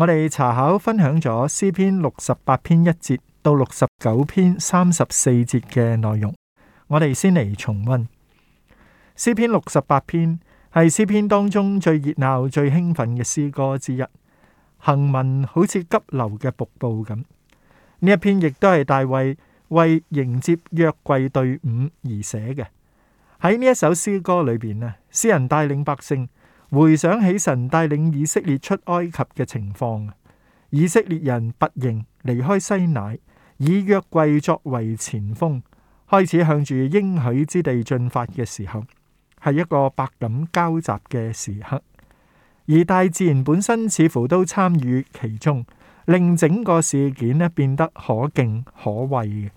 我哋查考分享咗詩篇六十八篇一節到六十九篇三十四節嘅內容，我哋先嚟重温詩篇六十八篇係詩篇當中最熱鬧、最興奮嘅詩歌之一，行文好似急流嘅瀑布咁。呢一篇亦都係大衛為迎接約櫃隊伍而寫嘅。喺呢一首詩歌裏邊啊，詩人帶領百姓。回想起神帶領以色列出埃及嘅情況，以色列人拔營離開西乃，以約櫃作為前鋒，開始向住應許之地進發嘅時候，係一個百感交集嘅時刻。而大自然本身似乎都參與其中，令整個事件呢變得可敬可畏嘅。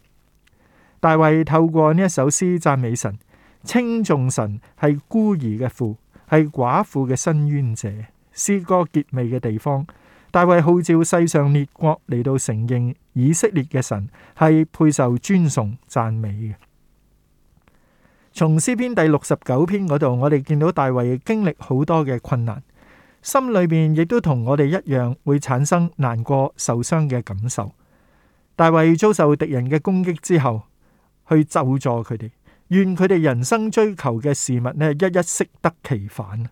大衛透過呢一首詩讚美神，稱頌神係孤兒嘅父。係寡婦嘅伸冤者，詩歌結尾嘅地方，大衛號召世上列國嚟到承認以色列嘅神係配受尊崇讚美嘅。從詩篇第六十九篇嗰度，我哋見到大衛經歷好多嘅困難，心裏面亦都同我哋一樣會產生難過、受傷嘅感受。大衛遭受敵人嘅攻擊之後，去咒詛佢哋。願佢哋人生追求嘅事物呢，一一適得其反。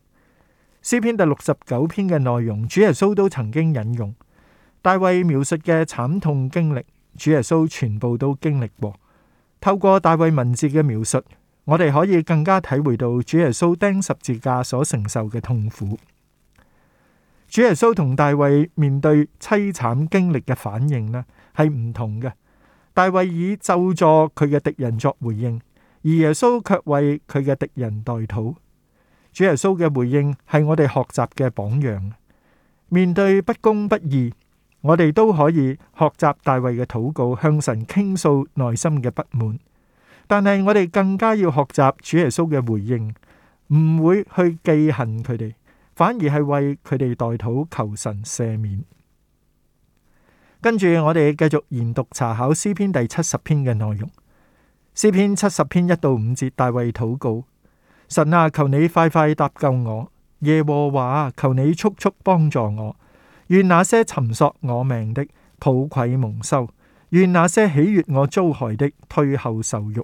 詩篇第六十九篇嘅內容，主耶穌都曾經引用。大衛描述嘅慘痛經歷，主耶穌全部都經歷過。透過大衛文字嘅描述，我哋可以更加體會到主耶穌釘十字架所承受嘅痛苦。主耶穌同大衛面對淒慘經歷嘅反應呢，係唔同嘅。大衛以咒詛佢嘅敵人作回應。而耶穌卻為佢嘅敵人代禱，主耶穌嘅回應係我哋學習嘅榜樣。面對不公不義，我哋都可以學習大衛嘅禱告，向神傾訴內心嘅不滿。但係我哋更加要學習主耶穌嘅回應，唔會去記恨佢哋，反而係為佢哋代禱，求神赦免。跟住我哋繼續研讀查考詩篇第七十篇嘅內容。詩篇七十篇一到五節，大衛禱告：神啊，求你快快搭救我；耶和華求你速速幫助我。願那些尋索我命的，抱愧蒙羞；願那些喜悦我遭害的，退後受辱；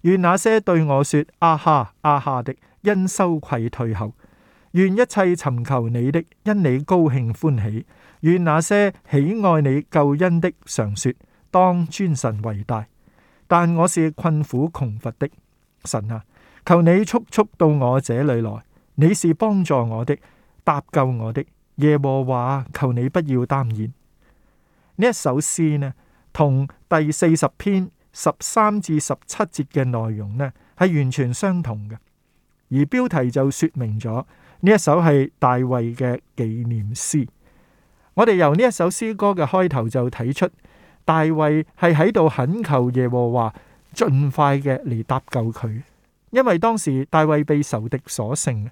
願那些對我說阿哈阿哈的，因羞愧退後；願一切尋求你的，因你高興歡喜；願那些喜愛你救恩的，常說當尊神為大。但我是困苦窮乏的，神啊，求你速速到我這裏來，你是幫助我的，搭救我的，耶和華，求你不要耽延。呢一首詩呢，同第四十篇十三至十七節嘅內容呢，係完全相同嘅，而標題就說明咗呢一首係大衛嘅紀念詩。我哋由呢一首詩歌嘅開頭就睇出。大衛係喺度懇求耶和華盡快嘅嚟搭救佢，因為當時大衛被仇敵所勝。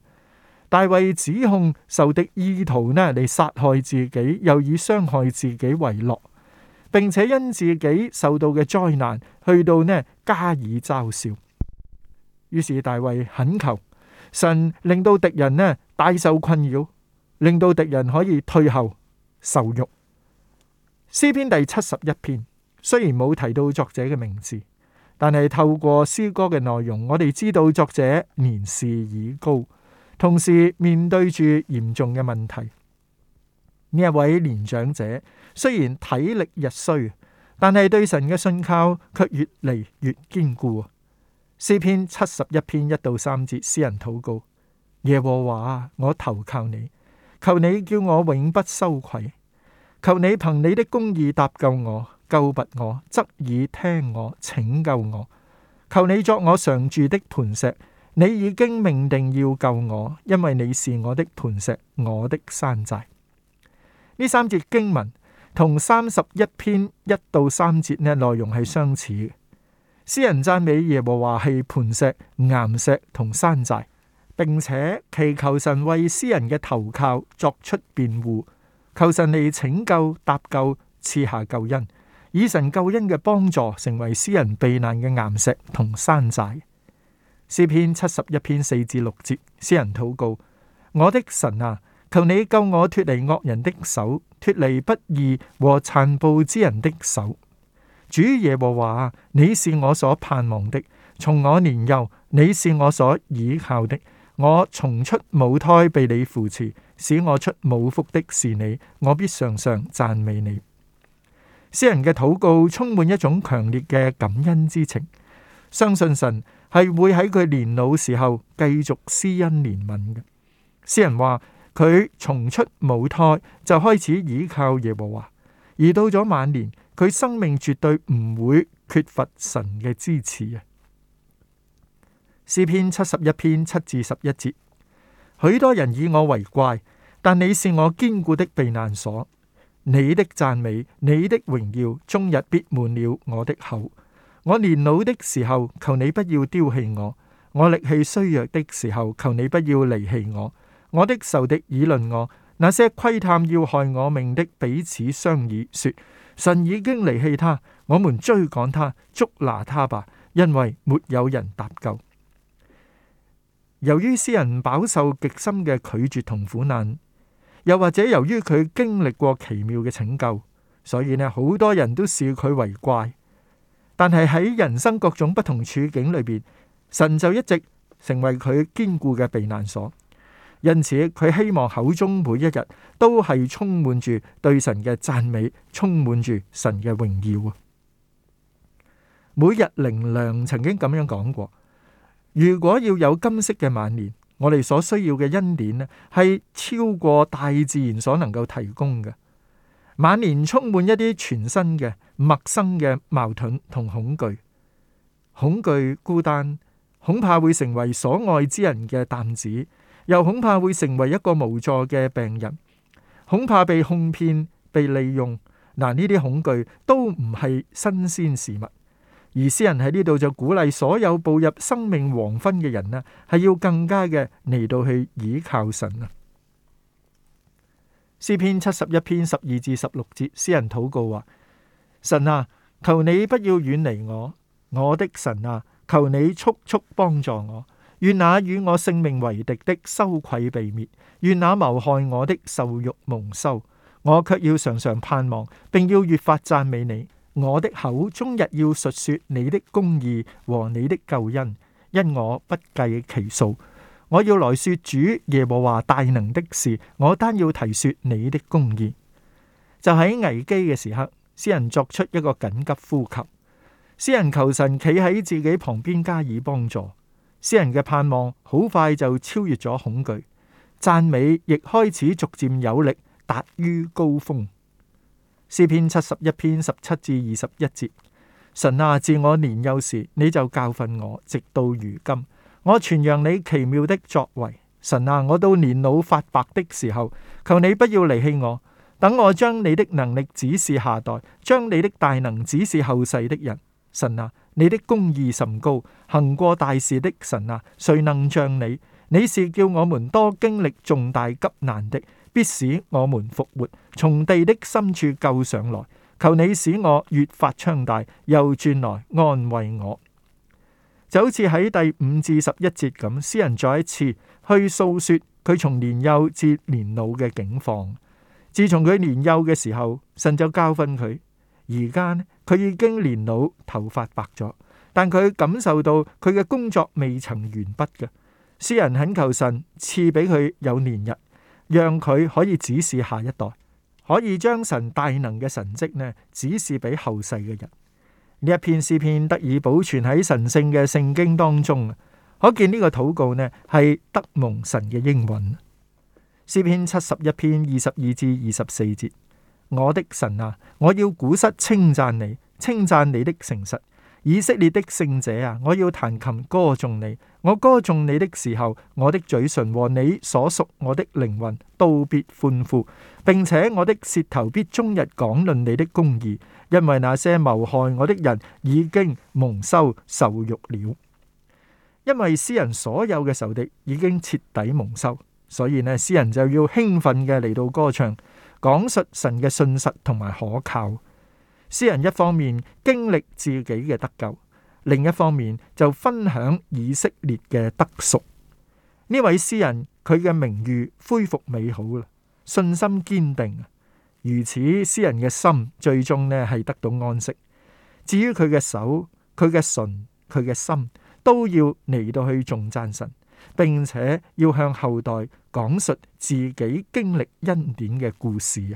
大衛指控仇敵意圖呢嚟殺害自己，又以傷害自己為樂，並且因自己受到嘅災難去到呢加以嘲笑。於是大衛懇求神，令到敵人大受困擾，令到敵人呢大受困擾，令到敵人可以退後受辱。詩篇第七十一篇雖然冇提到作者嘅名字，但係透過詩歌嘅內容，我哋知道作者年事已高，同時面對住嚴重嘅問題。呢一位年長者雖然體力日衰，但係對神嘅信靠卻越嚟越堅固。詩篇七十一篇一到三節，詩人禱告：耶和華，我投靠你，求你叫我永不羞愧。求你憑你的公義搭救我，救拔我，側耳聽我，拯救我。求你作我常住的磐石，你已經命定要救我，因為你是我的磐石，我的山寨。呢三節經文同三十一篇一到三節呢內容係相似嘅。詩人讚美耶和華係磐石、岩石同山寨，並且祈求神為詩人嘅投靠作出辯護。求神嚟拯救、搭救、賜下救恩，以神救恩嘅幫助，成為詩人避難嘅岩石同山寨。詩篇七十一篇四至六節，詩人禱告：我的神啊，求你救我脫離惡人的手，脫離不義和殘暴之人的手。主耶和華，你是我所盼望的，從我年幼，你是我所倚靠的。我從出母胎被你扶持，使我出母腹的是你，我必常常讚美你。詩人嘅禱告充滿一種強烈嘅感恩之情，相信神係會喺佢年老時候繼續施恩憐憫嘅。詩人話佢從出母胎就開始倚靠耶和華，而到咗晚年，佢生命絕對唔會缺乏神嘅支持啊！詩篇七十一篇七至十一節，許多人以我為怪，但你是我堅固的避難所。你的讚美、你的榮耀，終日必滿了我的口。我年老的時候，求你不要丟棄我；我力氣衰弱的時候，求你不要離棄我。我的仇敵議論我，那些窺探要害我命的彼此商議說：神已經離棄他，我們追趕他，捉拿他吧，因為沒有人搭救。由於詩人飽受極深嘅拒絕同苦難，又或者由於佢經歷過奇妙嘅拯救，所以呢，好多人都視佢為怪。但係喺人生各種不同處境裏邊，神就一直成為佢堅固嘅避難所。因此，佢希望口中每一日都係充滿住對神嘅讚美，充滿住神嘅榮耀啊！每日靈糧曾經咁樣講過。如果要有金色嘅晚年，我哋所需要嘅恩典呢，係超過大自然所能夠提供嘅。晚年充滿一啲全新嘅陌生嘅矛盾同恐懼，恐懼孤單，恐怕會成為所愛之人嘅擔子，又恐怕會成為一個無助嘅病人，恐怕被哄騙、被利用。嗱，呢啲恐懼都唔係新鮮事物。而詩人喺呢度就鼓勵所有步入生命黃昏嘅人呢、啊、係要更加嘅嚟到去倚靠神啊！詩篇七十一篇十二至十六節，詩人禱告話：神啊，求你不要遠離我，我的神啊，求你速速幫助我。願那與我性命為敵的羞愧被滅，願那謀害我的受辱蒙羞。我卻要常常盼望，并要越發讚美你。我的口終日要述說你的公義和你的救恩，因我不計其數。我要來說主耶和華大能的事，我單要提說你的公義。就喺危機嘅時刻，詩人作出一個緊急呼吸，詩人求神企喺自己旁邊加以幫助。詩人嘅盼望好快就超越咗恐懼，讚美亦開始逐漸有力，達於高峰。詩篇七十一篇十七至二十一節：神啊，自我年幼時，你就教訓我，直到如今，我傳揚你奇妙的作為。神啊，我到年老髮白的時候，求你不要離棄我，等我將你的能力指示下代，將你的大能指示後世的人。神啊，你的公義甚高，行過大事的神啊，誰能像你？你是叫我們多經歷重大急難的。必使我們復活，從地的深處救上來。求你使我越發昌大，又轉來安慰我。就好似喺第五至十一節咁，詩人再一次去訴說佢從年幼至年老嘅境況。自從佢年幼嘅時候，神就教訓佢。而家呢，佢已經年老，頭髮白咗，但佢感受到佢嘅工作未曾完畢嘅。詩人懇求神賜俾佢有年日。讓佢可以指示下一代，可以將神大能嘅神蹟呢指示俾後世嘅人。呢一篇詩篇得以保存喺神聖嘅聖經當中，可見呢個禱告呢係得蒙神嘅應允。詩篇七十一篇二十二至二十四節，我的神啊，我要鼓瑟稱讚你，稱讚你的誠實。以色列的聖者啊，我要彈琴歌頌你。我歌頌你的時候，我的嘴唇和你所屬我的靈魂道別歡呼，並且我的舌頭必終日講論你的公義，因為那些謀害我的人已經蒙羞受辱了。因為詩人所有嘅仇敵已經徹底蒙羞，所以呢，詩人就要興奮嘅嚟到歌唱，講述神嘅信實同埋可靠。詩人一方面經歷自己嘅得救，另一方面就分享以色列嘅得贖。呢位詩人佢嘅名譽恢復美好啦，信心堅定。如此，詩人嘅心最終呢係得到安息。至於佢嘅手、佢嘅唇、佢嘅心，都要嚟到去重讚神。並且要向後代講述自己經歷恩典嘅故事啊！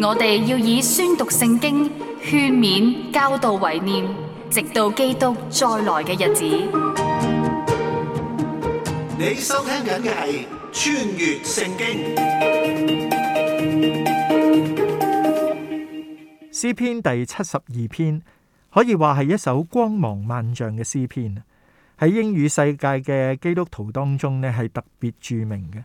我哋要以宣讀聖經、勸勉、教導、為念，直到基督再來嘅日子。你收聽緊嘅係《穿越聖經》詩篇第七十二篇，可以話係一首光芒萬丈嘅詩篇。喺英語世界嘅基督徒當中呢係特別著名嘅。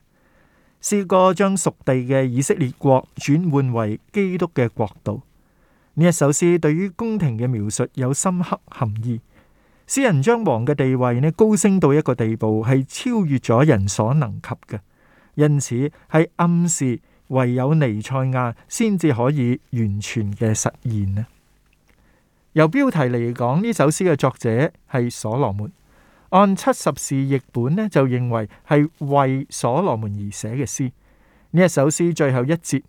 試過將屬地嘅以色列國轉換為基督嘅國度。呢一首詩對於宮廷嘅描述有深刻含義。詩人將王嘅地位呢高升到一個地步，係超越咗人所能及嘅。因此係暗示唯有彌賽亞先至可以完全嘅實現咧。由標題嚟講，呢首詩嘅作者係所羅門。按七十士譯本呢，就認為係為所羅門而寫嘅詩。呢一首詩最後一節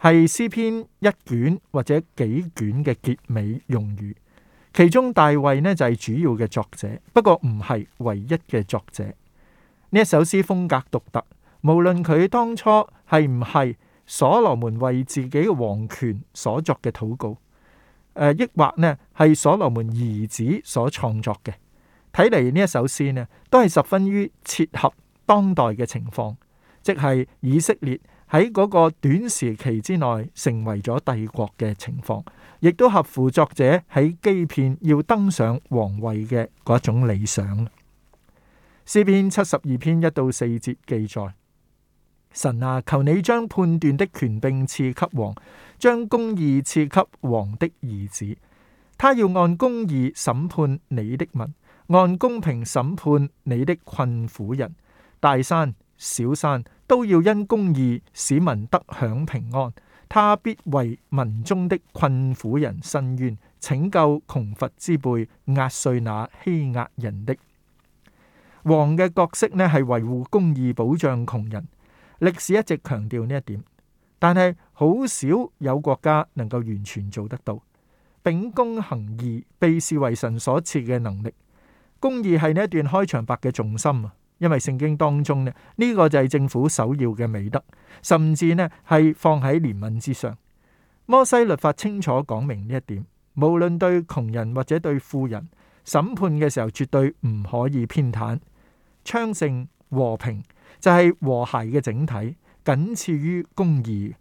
係詩篇一卷或者幾卷嘅結尾用語，其中大衛呢就係、是、主要嘅作者，不過唔係唯一嘅作者。呢一首詩風格獨特，無論佢當初係唔係所羅門為自己嘅王權所作嘅禱告，誒、呃，抑或呢係所羅門兒子所創作嘅。睇嚟呢一首詩呢，都係十分於切合當代嘅情況，即係以色列喺嗰個短時期之內成為咗帝國嘅情況，亦都合乎作者喺基遍要登上皇位嘅嗰一種理想。詩篇七十二篇一到四節記載：神啊，求你將判斷的權柄賜給王，將公義賜給王的兒子，他要按公義審判你的民。按公平審判你的困苦人，大山小山都要因公義，使民得享平安。他必為民中的困苦人伸冤，拯救窮乏之輩，壓碎那欺壓人的。王嘅角色呢，係維護公義，保障窮人。歷史一直強調呢一點，但係好少有國家能夠完全做得到，秉公行義被視為神所賜嘅能力。公義係呢一段開場白嘅重心啊，因為聖經當中呢，呢、這個就係政府首要嘅美德，甚至呢，係放喺憐憫之上。摩西律法清楚講明呢一點，無論對窮人或者對富人，審判嘅時候絕對唔可以偏袒。昌盛和平就係、是、和諧嘅整體，僅次於公義，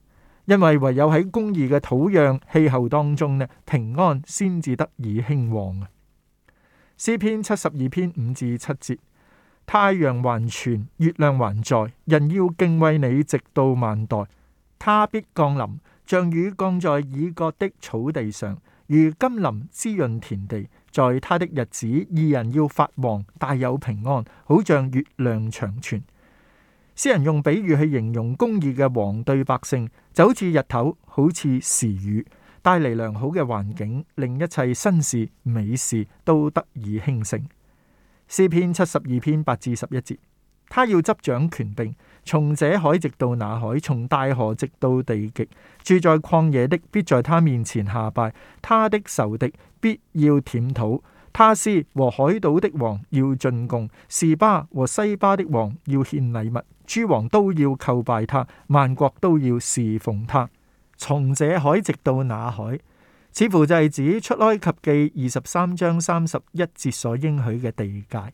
因為唯有喺公義嘅土壤氣候當中呢，平安先至得以興旺。詩篇七十二篇五至七節，太陽還存，月亮還在，人要敬畏你，直到萬代。他必降臨，像雨降在已割的草地上，如甘霖滋潤田地。在他的日子，二人要發旺，大有平安，好像月亮長存。詩人用比喻去形容公義嘅王對百姓，就好似日頭，好似時雨。帶嚟良好嘅環境，令一切新事美事都得以興盛。詩篇七十二篇八至十一節，他要執掌權柄，從這海直到那海，從大河直到地極，住在曠野的必在他面前下拜，他的仇敵必要舔土。他施和海島的王要進貢，示巴和西巴的王要獻禮物，諸王都要叩拜他，萬國都要侍奉他。從這海直到那海，似乎就係指出埃及記二十三章三十一節所應許嘅地界。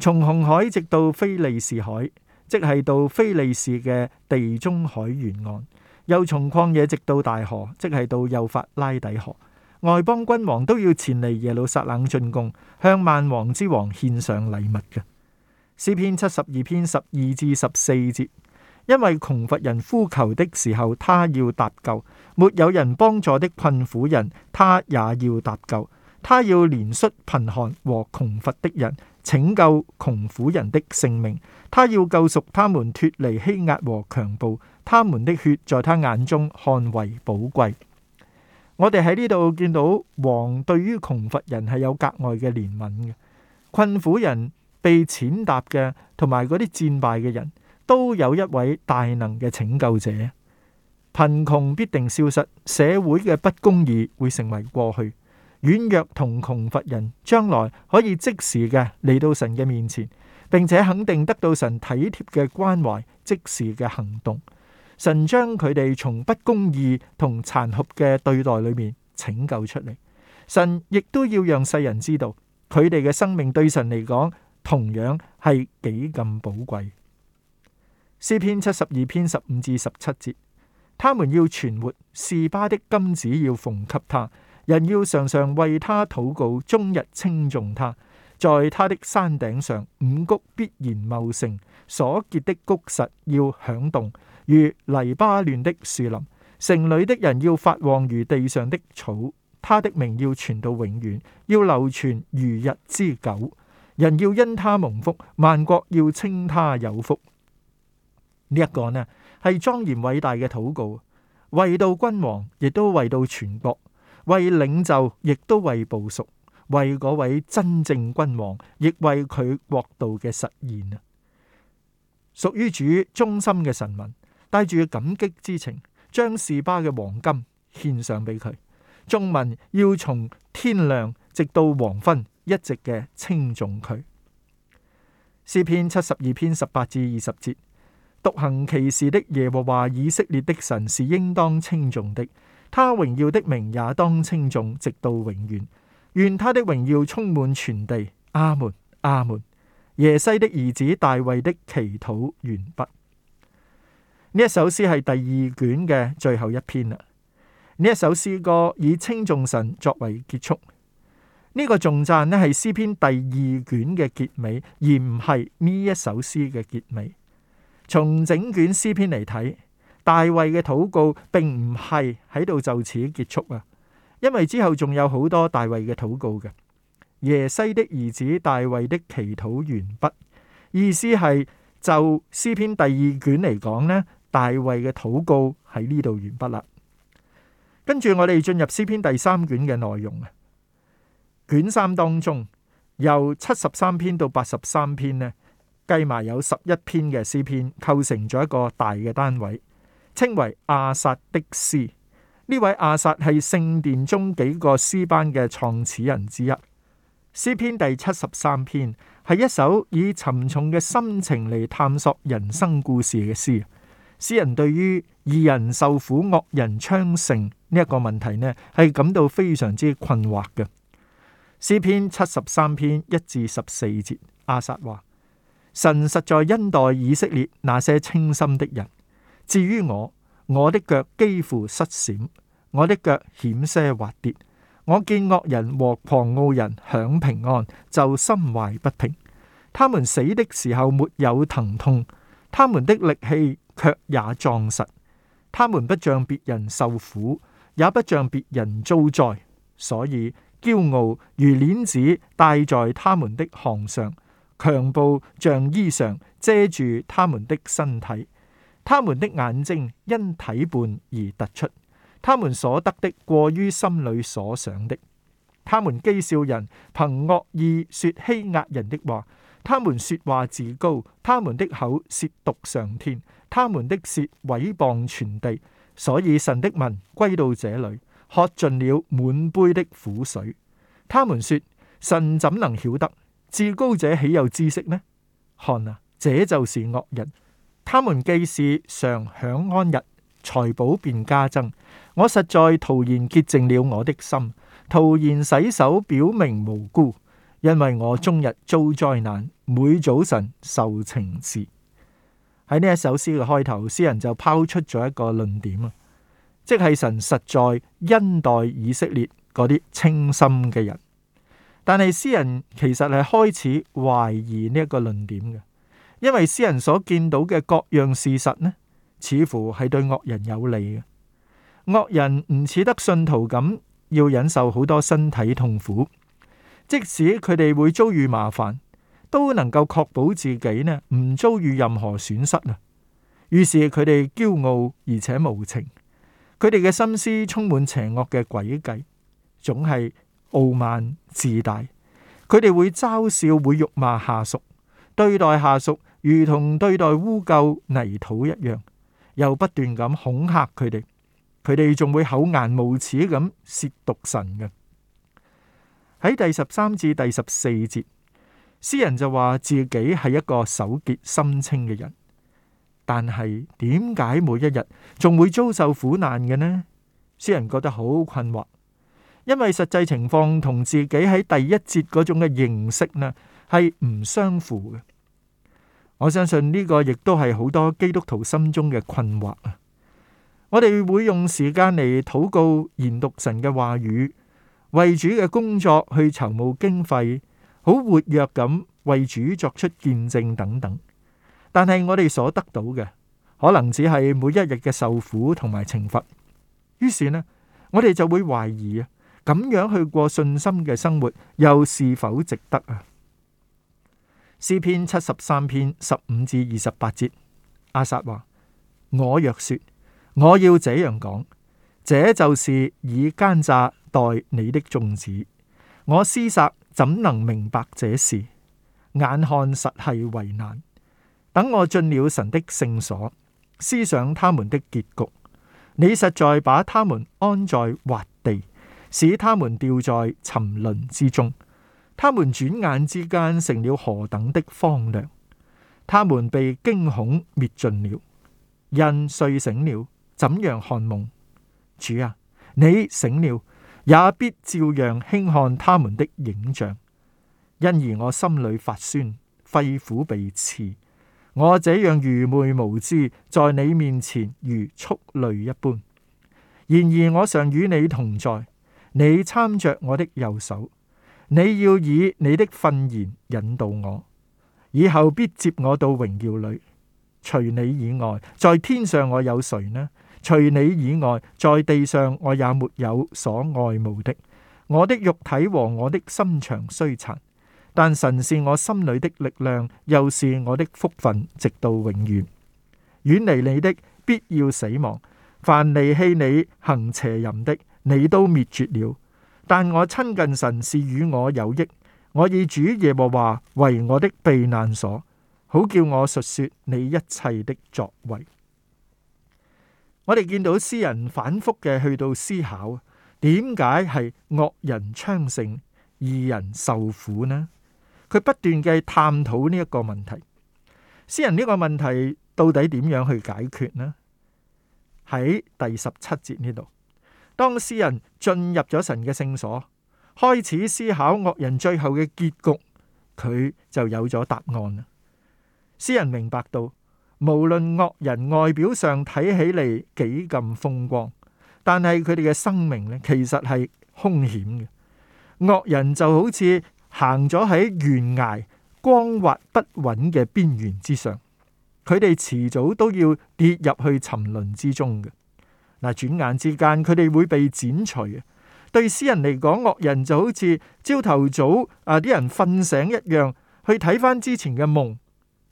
從紅海直到非利士海，即係到非利士嘅地中海沿岸；又從曠野直到大河，即係到幼發拉底河。外邦君王都要前嚟耶路撒冷進貢，向萬王之王獻上禮物嘅。詩篇七十二篇十二至十四節。因為窮乏人呼求的時候，他要搭救；沒有人幫助的困苦人，他也要搭救。他要憐恤貧寒和窮乏的人，拯救窮苦人的性命。他要救贖他們脱離欺壓和強暴，他們的血在他眼中看為寶貴。我哋喺呢度見到王對於窮乏人係有格外嘅憐憫嘅，困苦人被踐踏嘅，同埋嗰啲戰敗嘅人。都有一位大能嘅拯救者，貧窮必定消失，社會嘅不公義會成為過去。軟弱同窮乏人將來可以即時嘅嚟到神嘅面前，並且肯定得到神體貼嘅關懷，即時嘅行動。神將佢哋從不公義同殘酷嘅對待裏面拯救出嚟。神亦都要讓世人知道，佢哋嘅生命對神嚟講同樣係幾咁寶貴。詩篇七十二篇十五至十七節，他們要存活，示巴的金子要奉給他，人要常常為他禱告，終日稱頌他。在他的山頂上，五穀必然茂盛，所結的穀實要響動，如黎巴嫩的樹林。城裏的人要發旺如地上的草，他的名要傳到永遠，要流傳如日之久。人要因他蒙福，萬國要稱他有福。呢一個呢係莊嚴偉大嘅禱告，為到君王，亦都為到全國，為領袖，亦都為部屬，為嗰位真正君王，亦為佢國度嘅實現啊。屬於主忠心嘅神民，帶住感激之情，將士巴嘅黃金獻上俾佢。眾民要從天亮直到黃昏，一直嘅稱頌佢。詩篇七十二篇十八至二十節。獨行奇事的耶和華以色列的神是應當稱頌的，他榮耀的名也當稱頌，直到永遠。願他的榮耀充滿全地。阿門，阿門。耶西的兒子大衛的祈禱完畢。呢一首詩係第二卷嘅最後一篇啦。呢一首詩歌以稱頌神作為結束。呢、這個頌讚呢係詩篇第二卷嘅結尾，而唔係呢一首詩嘅結尾。從整卷詩篇嚟睇，大衛嘅禱告並唔係喺度就此結束啊，因為之後仲有好多大衛嘅禱告嘅。耶西的兒子大衛的祈禱完畢，意思係就詩篇第二卷嚟講呢，大衛嘅禱告喺呢度完畢啦。跟住我哋進入詩篇第三卷嘅內容啊，卷三當中由七十三篇到八十三篇呢。計埋有十一篇嘅詩篇，構成咗一個大嘅單位，稱為亞薩的詩。呢位亞薩係聖殿中幾個詩班嘅創始人之一。詩篇第七十三篇係一首以沉重嘅心情嚟探索人生故事嘅詩。詩人對於義人受苦、惡人昌盛呢一個問題呢，係感到非常之困惑嘅。詩篇七十三篇一至十四節，亞薩話。神實在恩待以色列那些清心的人。至於我，我的腳幾乎失閃，我的腳險些滑跌。我見惡人和狂傲人享平安，就心懷不平。他們死的時候沒有疼痛，他們的力氣卻也壯實。他們不像別人受苦，也不像別人遭災，所以驕傲如鏈子戴在他們的項上。強暴像衣裳遮住他們的身體，他們的眼睛因體胖而突出，他們所得的過於心裏所想的，他們譏笑人，憑惡意說欺壓人的話，他們說話自高，他們的口褻瀆上天，他們的舌毀謗全地，所以神的民歸到這裏，喝盡了滿杯的苦水。他們說：神怎能曉得？至高者豈有知識呢？看啊，這就是惡人，他們既是常享安逸，財寶便加增。我實在徒然潔淨了我的心，徒然洗手，表明無辜，因為我終日遭災難，每早晨受懲治。喺呢一首詩嘅開頭，詩人就拋出咗一個論點啊，即係神實在恩待以色列嗰啲清心嘅人。但係，詩人其實係開始懷疑呢一個論點嘅，因為詩人所見到嘅各樣事實呢，似乎係對惡人有利嘅。惡人唔似得信徒咁，要忍受好多身體痛苦。即使佢哋會遭遇麻煩，都能夠確保自己呢唔遭遇任何損失啊。於是佢哋驕傲而且無情，佢哋嘅心思充滿邪惡嘅詭計，總係，傲慢自大，佢哋會嘲笑，會辱罵下屬，對待下屬如同對待污垢泥土一樣，又不斷咁恐嚇佢哋。佢哋仲會厚顏無恥咁褻瀆神嘅。喺第十三至第十四節，詩人就話自己係一個手潔心清嘅人，但係點解每一日仲會遭受苦難嘅呢？詩人覺得好困惑。因為實際情況同自己喺第一節嗰種嘅認識呢係唔相符嘅，我相信呢個亦都係好多基督徒心中嘅困惑啊！我哋會用時間嚟禱告、研讀神嘅話語，為主嘅工作去籌募經費，好活躍咁為主作出見證等等。但係我哋所得到嘅，可能只係每一日嘅受苦同埋懲罰。於是呢，我哋就會懷疑咁樣去過信心嘅生活，又是否值得啊？詩篇七十三篇十五至二十八節，亞薩話：我若說我要這樣講，這就是以奸詐待你的眾子。我思索怎能明白這事？眼看實係為難。等我進了神的聖所，思想他們的結局，你實在把他們安在滑。使他們掉在沉淪之中，他們轉眼之間成了何等的荒涼！他們被驚恐滅盡了。人睡醒了，怎樣看夢？主啊，你醒了，也必照樣輕看他們的影像。因而我心裏發酸，肺腑被刺。我這樣愚昧無知，在你面前如畜類一般。然而我常與你同在。你攙着我的右手，你要以你的訓言引導我，以後必接我到榮耀裏。除你以外，在天上我有誰呢？除你以外，在地上我也沒有所愛慕的。我的肉體和我的心腸衰殘，但神是我心裏的力量，又是我的福分，直到永遠。遠離你的，必要死亡；凡離棄你行邪淫的，你都滅絕了，但我親近神是與我有益。我以主耶和華為我的避難所，好叫我述說你一切的作為。我哋見到詩人反覆嘅去到思考，點解係惡人昌盛，義人受苦呢？佢不斷嘅探討呢一個問題。詩人呢個問題到底點樣去解決呢？喺第十七節呢度。當詩人進入咗神嘅聖所，開始思考惡人最後嘅結局，佢就有咗答案啦。詩人明白到，無論惡人外表上睇起嚟幾咁風光，但係佢哋嘅生命咧，其實係兇險嘅。惡人就好似行咗喺懸崖光滑不穩嘅邊緣之上，佢哋遲早都要跌入去沉淪之中嘅。嗱，轉眼之間佢哋會被剪除。對詩人嚟講，惡人就好似朝頭早啊，啲人瞓醒一樣，去睇返之前嘅夢，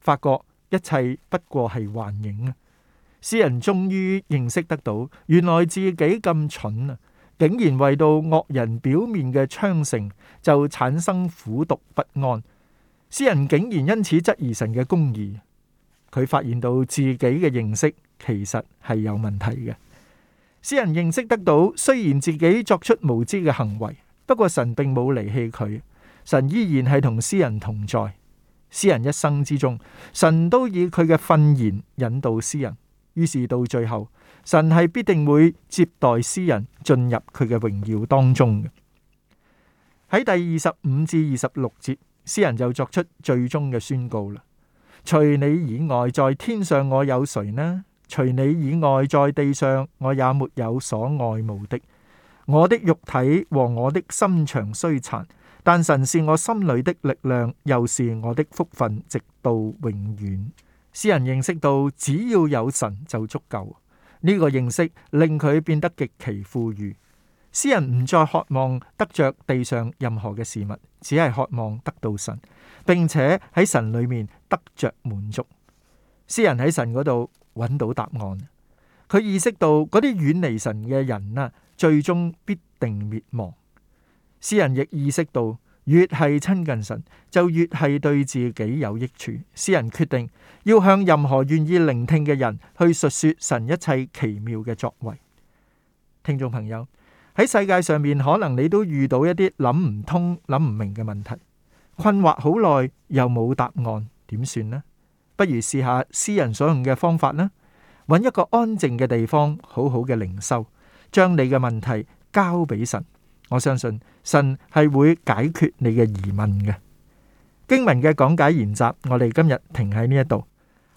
發覺一切不過係幻影啊。詩人終於認識得到，原來自己咁蠢啊，竟然為到惡人表面嘅昌盛就產生苦毒不安。詩人竟然因此質疑神嘅公義，佢發現到自己嘅認識其實係有問題嘅。詩人認識得到，雖然自己作出無知嘅行為，不過神並冇離棄佢，神依然係同詩人同在。詩人一生之中，神都以佢嘅訓言引導詩人，於是到最後，神係必定會接待詩人進入佢嘅榮耀當中嘅。喺第二十五至二十六節，詩人就作出最終嘅宣告啦：除你以外在，在天上我有誰呢？除你以外，在地上，我也沒有所愛慕的。我的肉體和我的心腸雖殘，但神是我心裏的力量，又是我的福分，直到永遠。詩人認識到，只要有神就足夠。呢個認識令佢變得極其富裕。詩人唔再渴望得着地上任何嘅事物，只係渴望得到神，並且喺神裏面得着滿足。詩人喺神嗰度揾到答案，佢意識到嗰啲遠離神嘅人啦，最終必定滅亡。詩人亦意識到，越係親近神，就越係對自己有益處。詩人決定要向任何願意聆聽嘅人去述說神一切奇妙嘅作為。聽眾朋友，喺世界上面，可能你都遇到一啲諗唔通、諗唔明嘅問題，困惑好耐又冇答案，點算呢？不如試下詩人所用嘅方法啦，揾一個安靜嘅地方，好好嘅靈修，將你嘅問題交俾神。我相信神係會解決你嘅疑問嘅。經文嘅講解研習，我哋今日停喺呢一度，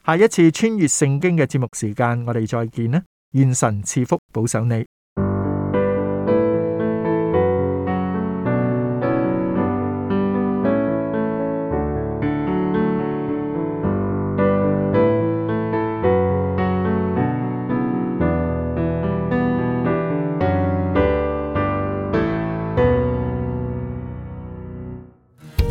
下一次穿越聖經嘅節目時間，我哋再見啦。願神賜福保守你。